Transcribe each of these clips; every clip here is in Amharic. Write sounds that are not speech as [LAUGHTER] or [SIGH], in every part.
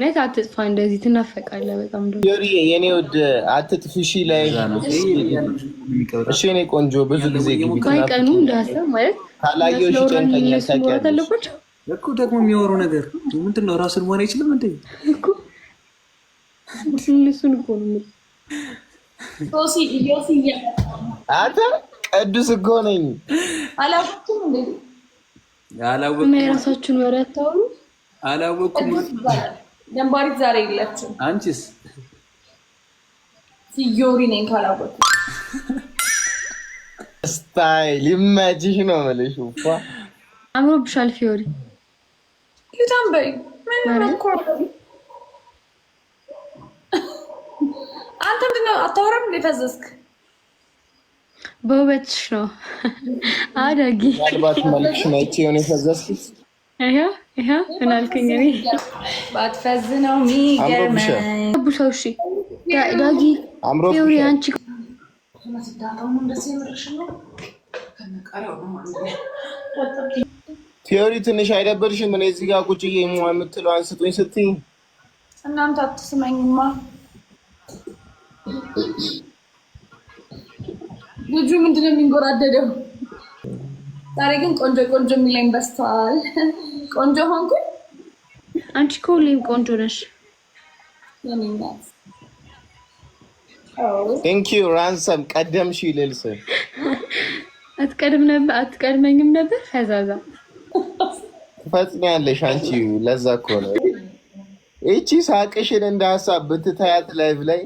ነት አትጥፋ፣ እንደዚህ ትናፈቃለህ በጣም የኔ ውድ አትጥፍሺ ላይ እሺ፣ የኔ ቆንጆ ብዙ ጊዜ ቀኑ እኮ ደግሞ የሚያወሩ ነገር ምንድን ነው? ራሱን መሆን አይችልም። እንደ እሱን እኮ ነው ቅዱስ እኮ ነኝ አላወኩም እንዴ? አላወኩም። የራሳችሁን ወሬ አታውሩ። አላወኩም። ደንባሪት ዛሬ የላችሁም። አንቺስ? ሲዮሪ ነኝ። ካላወኩም ስታይል ይመችሽ ነው የምልሽ። እኮ አምሮብሻል ፊዮሪ። ልዳም በይ አንተ ምንድን ነው አታወራም? ፈዘዝክ በውበትሽ ነው አዳጊ። ምናልባት መልክሽን አይቼ የሆነ የፈዘዝኩት ምናልከኝ ባትፈዝ ነው የሚገርመኝ። አንቺ ቲዮሪ ትንሽ አይደበርሽም? እኔ እዚህ ጋር ቁጭዬ የምትለው አንስጡኝ ስትይ እናንተ አትስመኝማ ልጁ ምንድን ነው የሚንጎራደደው? ዛሬ ግን ቆንጆ ቆንጆ የሚለኝ በስተዋል። ቆንጆ ሆንኩኝ። አንቺ ከሁሌም ቆንጆ ነሽ። ቴንክ ዩ ራንሰም። ቀደምሽ ይልል ስል አትቀድም ነበር አትቀድመኝም ነበር። ፈዛዛ ትፈጽሚያለሽ አንቺ። ለዛ እኮ ነው ይቺ ሳቅሽን እንደ ሀሳብ ብትታያት ላይቭ ላይ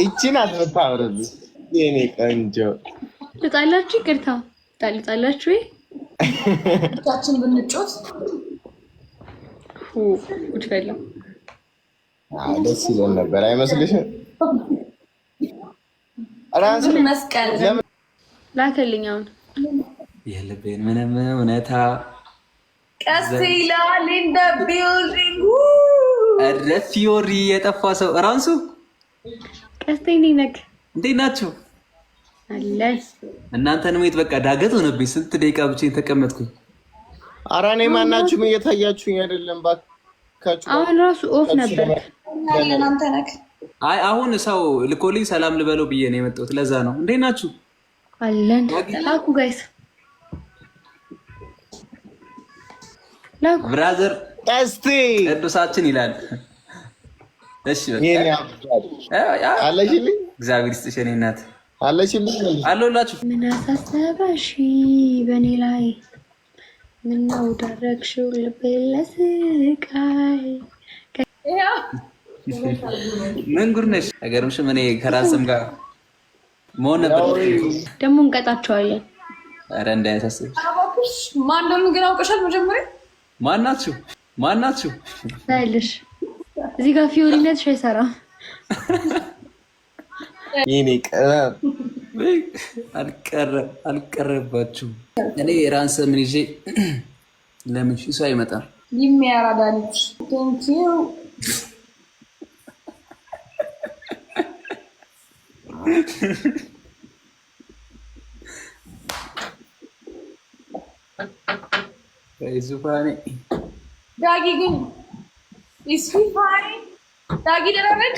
ይቺን አታውረብኝ የኔ ቆንጆ ልጣላችሁ። ይቅርታ ልጣላችሁ። ቻችን ብንጮት ደስ ይለን ነበር አይመስልሽም? መስቀል ላከልኝ። አሁን የልቤን ምንም እውነታ ቀስ ይላል እንደ ቢልዲንግ እረፊ ወሪ የጠፋ ሰው ራንሱ ቀስተኝ ነክ እንዴት ናችሁ? እናንተን ማየት በቃ ዳገት ሆነብኝ። ስንት ደቂቃ ብቻ ተቀመጥኩኝ። ኧረ እኔ ማናችሁም እየታያችሁኝ አይደለም። እባካችሁ አሁን ራሱ ኦፍ ነበር። አይ አሁን ሰው ልኮልኝ ሰላም ልበለው ብዬ ነው የመጣሁት። ለዛ ነው። እንዴት ናችሁ? አለን ላኩ ጋይስ ላኩ ብራዘር እስቲ ቅዱሳችን ይላል። እሺ አለሽልኝ። እግዚአብሔር ይስጥሽ የኔ እናት አለሽልኝ። አለሁላችሁ። ምን አሳሰበሽ በእኔ ላይ? ምነው ደረግሽው ልቤን ለስቃይ። ምን ጉድ ነሽ? ነገርምሽም እኔ ከራስም ጋር መሆን ነበር። ደግሞ እንቀጣቸዋለን። ኧረ እንዳያሳስብሽ። ማን ደግሞ ግን አውቀሻል መጀመሪያ ናችሁ? ማናችሁ ታይልሽ እዚህ ጋር ፊዮሪነትሽ አይሰራም። ይኔ ቀረብ አልቀረብ አልቀረባችሁ። እኔ ራንሰምን ይዤ ለምን ሺ ሰው አይመጣም። የሚያራዳ ዙፋኔ ዳጊ ግን ስፋይ ዳጊ ደረበቅ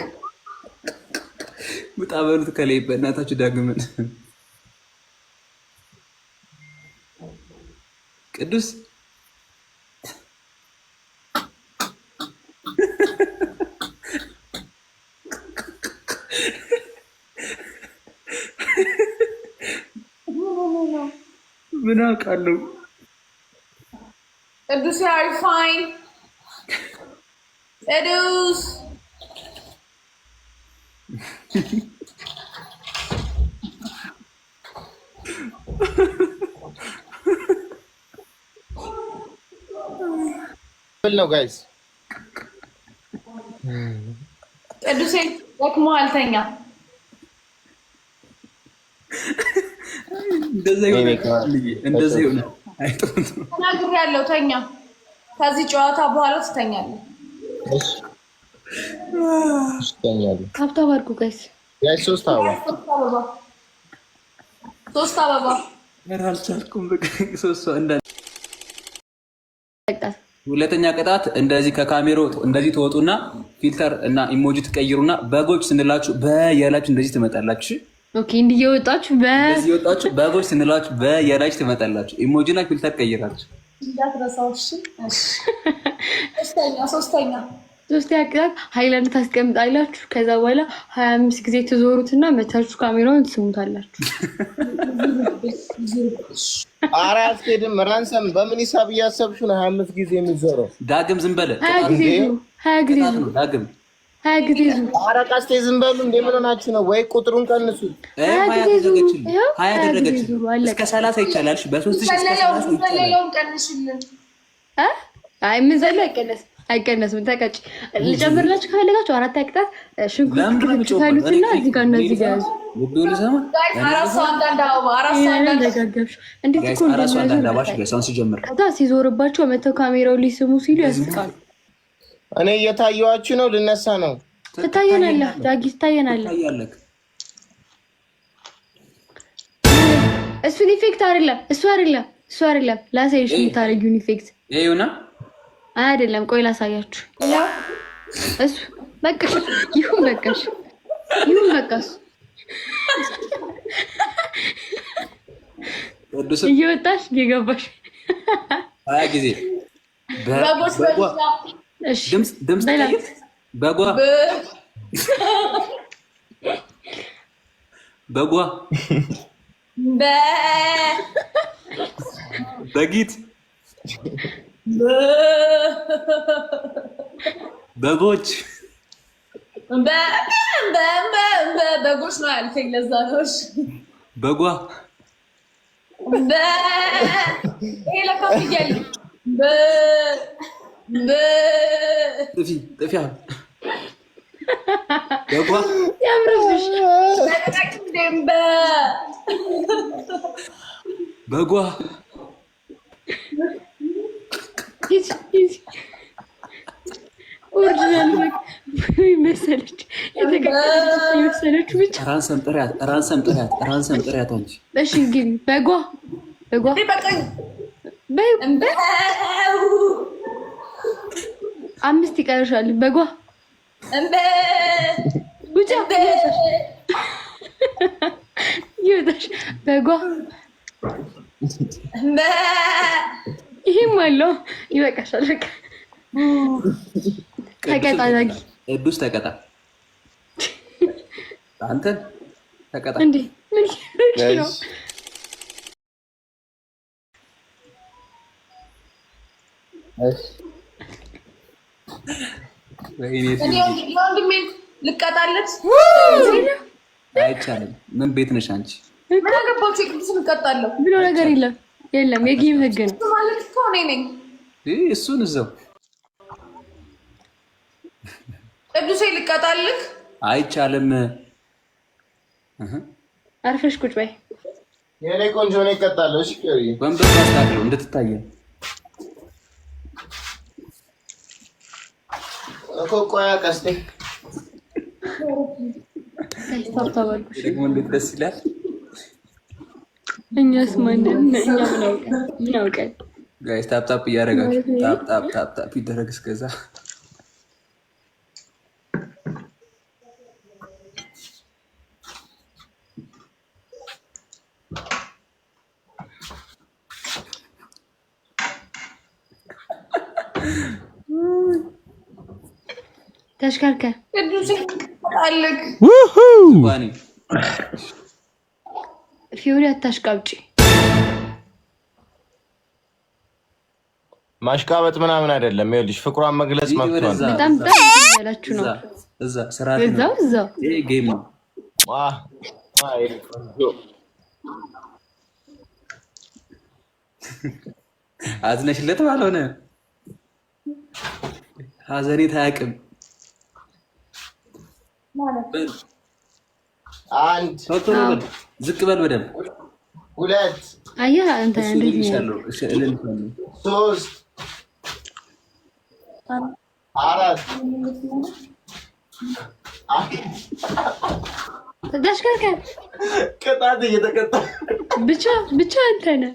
ውጣ በሉት ከላይ በእናታችሁ ዳግምን ቅዱስ ምን አውቃለሁ Edu say, are you fine? Edu's. well, no, guys. Edu say, what more I'll say? Does he know? Does he ተናግር ያለው ተኛ። ከዚህ ጨዋታ በኋላ ትተኛለህ። ጋይስ ጋይስ ሶስት አበባ ሶስት አበባ አልቻልኩም። ሁለተኛ ቅጣት እንደዚህ ከካሜሮ እንደዚህ ትወጡና ፊልተር እና ኢሞጂ ትቀይሩና በጎች ስንላችሁ በየላችሁ እንደዚህ ትመጣላችሁ። ኦኬ እንዲህ የወጣችሁ በ እዚህ የወጣችሁ በጎች ስንላችሁ በየራጅ ትመጣላችሁ። ኢሞጂና ፊልተር ቀይራችሁ ሶስተኛ ሶስተኛ ሶስተኛ ቅጣት ሀይላንድ ታስቀምጣላችሁ። ከዛ በኋላ ሀያ አምስት ጊዜ ትዞሩትና መታችሁ ካሜራውን ትስሙታላችሁ። [LAUGHS] አረ አያስኬድም። ራንሰም በምን ሂሳብ ነው? ሀያ አምስት ጊዜ የሚዞረው ዳግም ዝም በለ ሀያ ጊዜ ሀያ ጊዜ ዳግም ሀያ ጊዜ ዙር። ዝም በሉ እንዴ! ምን ሆናችሁ ነው? ወይ ቁጥሩን ቀንሱ። ሀያ አደረገች እስከ ሰላሳ ይቻላል። በሶስት ሺህ አይ ምን ዘሎ አይቀነስም፣ አይቀነስም። ተቀጭ ልጨምርላችሁ ከፈለጋችሁ አራት አቅጣት ሽንኩርት ታሉትና እዚህ ጋር እና ጋር ያዙ። ሲዞርባቸው መተው ካሜራው ሊስሙ ሲሉ ያስቃሉ። እኔ እየታየዋችሁ ነው። ልነሳ ነው። ትታየናለህ፣ ዳጊ ትታየናለህ። እሱ ኢፌክት አይደለም፣ እሱ አይደለም፣ እሱ አይደለም። ላሳይሽ የምታደርጊውን ኢፌክት ይሁና። አይደለም፣ ቆይ ላሳያችሁ። እሱ በቃ ይሁን፣ በቃሽ፣ ይሁን፣ በቃሽ። እየወጣሽ እየገባሽ ሀያ ጊዜ በጓ [LAUGHS] በጊት በጎች በጎች ነው ያልከኝ። ለዛ ነው በጓ ይሄ ለካ በጓ ኦሪጂናል መሰለች የመሰለች ብቻ ራንሰም ጥሪያት በጓ በጓ አምስት ይቀርሻል። በጓ እምበ ጉጫ ይወጣሽ በጓ ይሄም አለው ይበቃሻል። በቃ ተቀጣ ዳጊ ቅዱስ ተቀጣ። ተቀጣ እንዴ ምን ነው? እሺ ወንድሜን ልቀጣለት አይቻልም። ምን ቤት ነሽ አንቺ? ምን አገባችሁ? የቅዱስን እቀጣለሁ ብሎ ነገር የለም የለም። የጌም ህግ ነው ማለት እኮ እኔ ነኝ። እሱን እዛው ቅዱሴ ልቀጣልክ አይቻልም። አርፈሽ ቁጭ በይ። የኔ ቆንጆ ነው። ይቀጣለሁ። እሺ ወንበር ታስታለሁ እንድትታየ ኮቆያ ቀስቴ ደግሞ እንዴት ደስ ይላል። እኛስ ማንን እኛ ምን አውቀን ጋይስ ታፕ ታፕ እያደረጋችሁ ታፕ ታፕ ታፕ ታፕ ይደረግ እስከዛ ተሽከርከር ፊዮሪ አታሽቃብጪ። ማሽቃበጥ ምናምን አይደለም። ይኸውልሽ ፍቅሯን መግለጽ መብቷል። በጣም ያላችሁ ነው። እዛው እዛው አዝነሽለት ባልሆነ ሀዘኔ ታያቅም አንድ ዝቅ በል በደምብ ሁለት አየህ አንተ ሶስት አራት ተሽከርከር ቅጣት እየተቀጣ ብቻ ብቻ አንተ ነህ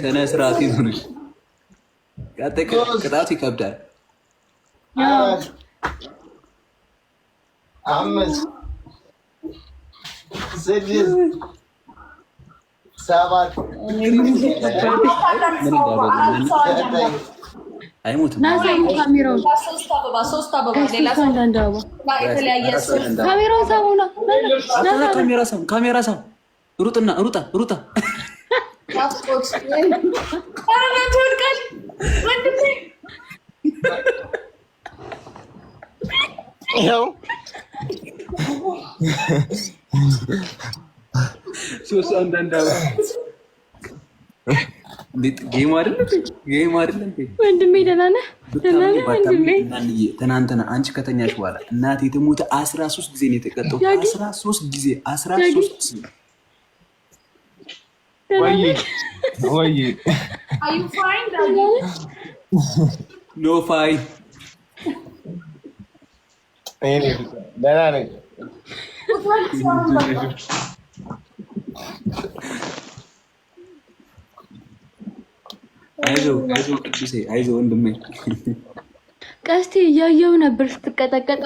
ስነ ስርዓት ይሁንሽ። ቅጣት ይከብዳል። አምስት ስድስት ሰባት አይሞትም። ካሜራውን ካሜራ ሰው ሩጥና ሩጣ ሩጣ [LAUGHS] ሶስት አንዳንድ ጌም ጌም ወንድሜ ደህና ነህ? ደህና ነህ ወንድሜ? ትናንትና አንቺ ከተኛሽ በኋላ እናቴ ትሙት አስራ ሶስት ጊዜ ነው የተቀጠው። አስራ ሶስት ጊዜ አስራ ሶስት ኖ ፋይ ደህና ነኝ አይዞህ አይዞህ ቅዱሴ አይዞህ ወንድሜ። ቀስቴ እያየሁ ነበር ስትቀጠቀጥ።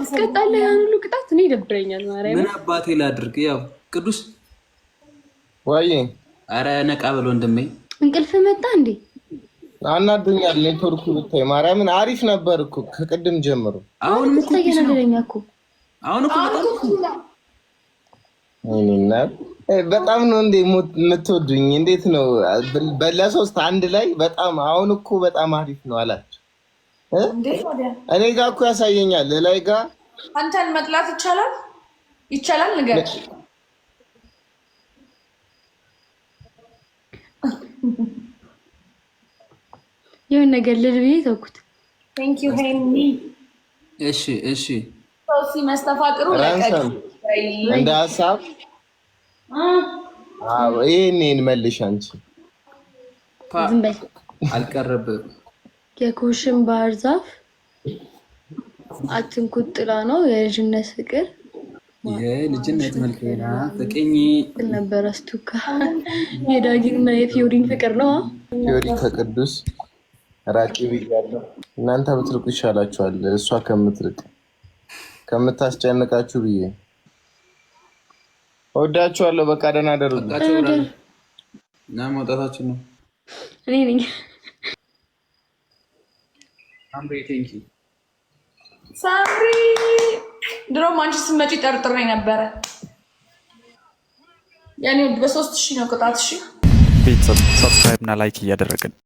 ትቀጣለህ? ያን ሁሉ ቅጣት እኔ ይደብረኛል። ምን አባቴ ላድርግ? ያው ቅዱስ ወይ አረ ነቃ በል ወንድሜ። እንቅልፍ መጣ እንዴ? አናዶኛል። ኔትወርኩ ብታይ ማርያምን አሪፍ ነበር እኮ ከቅድም ጀምሮ። አሁን ነገረኛ እኮ አሁን እኮ በጣም ነው እንዴ የምትወዱኝ? እንዴት ነው በለሶስት አንድ ላይ በጣም አሁን እኮ በጣም አሪፍ ነው አላቸው። እኔ ጋ እኮ ያሳየኛል። ላይ ጋ አንተን መጥላት ይቻላል ይቻላል። ንገር የሆነ ነገር ልል ብዬ ተውኩት። እሺ እሺ። መስተፋቅሩ እንደ ሀሳብ ይሄን መልሽ አንቺ አልቀረብም። የኩሽን ባህር ዛፍ አትንኩት ጥላ ነው የልጅነት ፍቅር የልጅነት መልክና ፍቅኝ ነበረ ስቱካ የዳጊና የፊዮሪን ፍቅር ነው። ፊዮሪ ከቅዱስ ራቂ ብያለሁ። እናንተ ብትርቁ ይሻላችኋል። እሷ ከምትርቅ ከምታስጨንቃችሁ ብዬ ወዳችኋለሁ። በቃ ደህና ደሩ። ና መውጣታችን ነው። እኔ ነኝ። ሳምሪ ድሮም አንቺ ስትመጪ ጠርጥሬ ነበረ። ያኔ በሶስት ሺህ ነው ቅጣት። እሺ ቤተሰብ ሰብስክራይብ እና ላይክ እያደረግን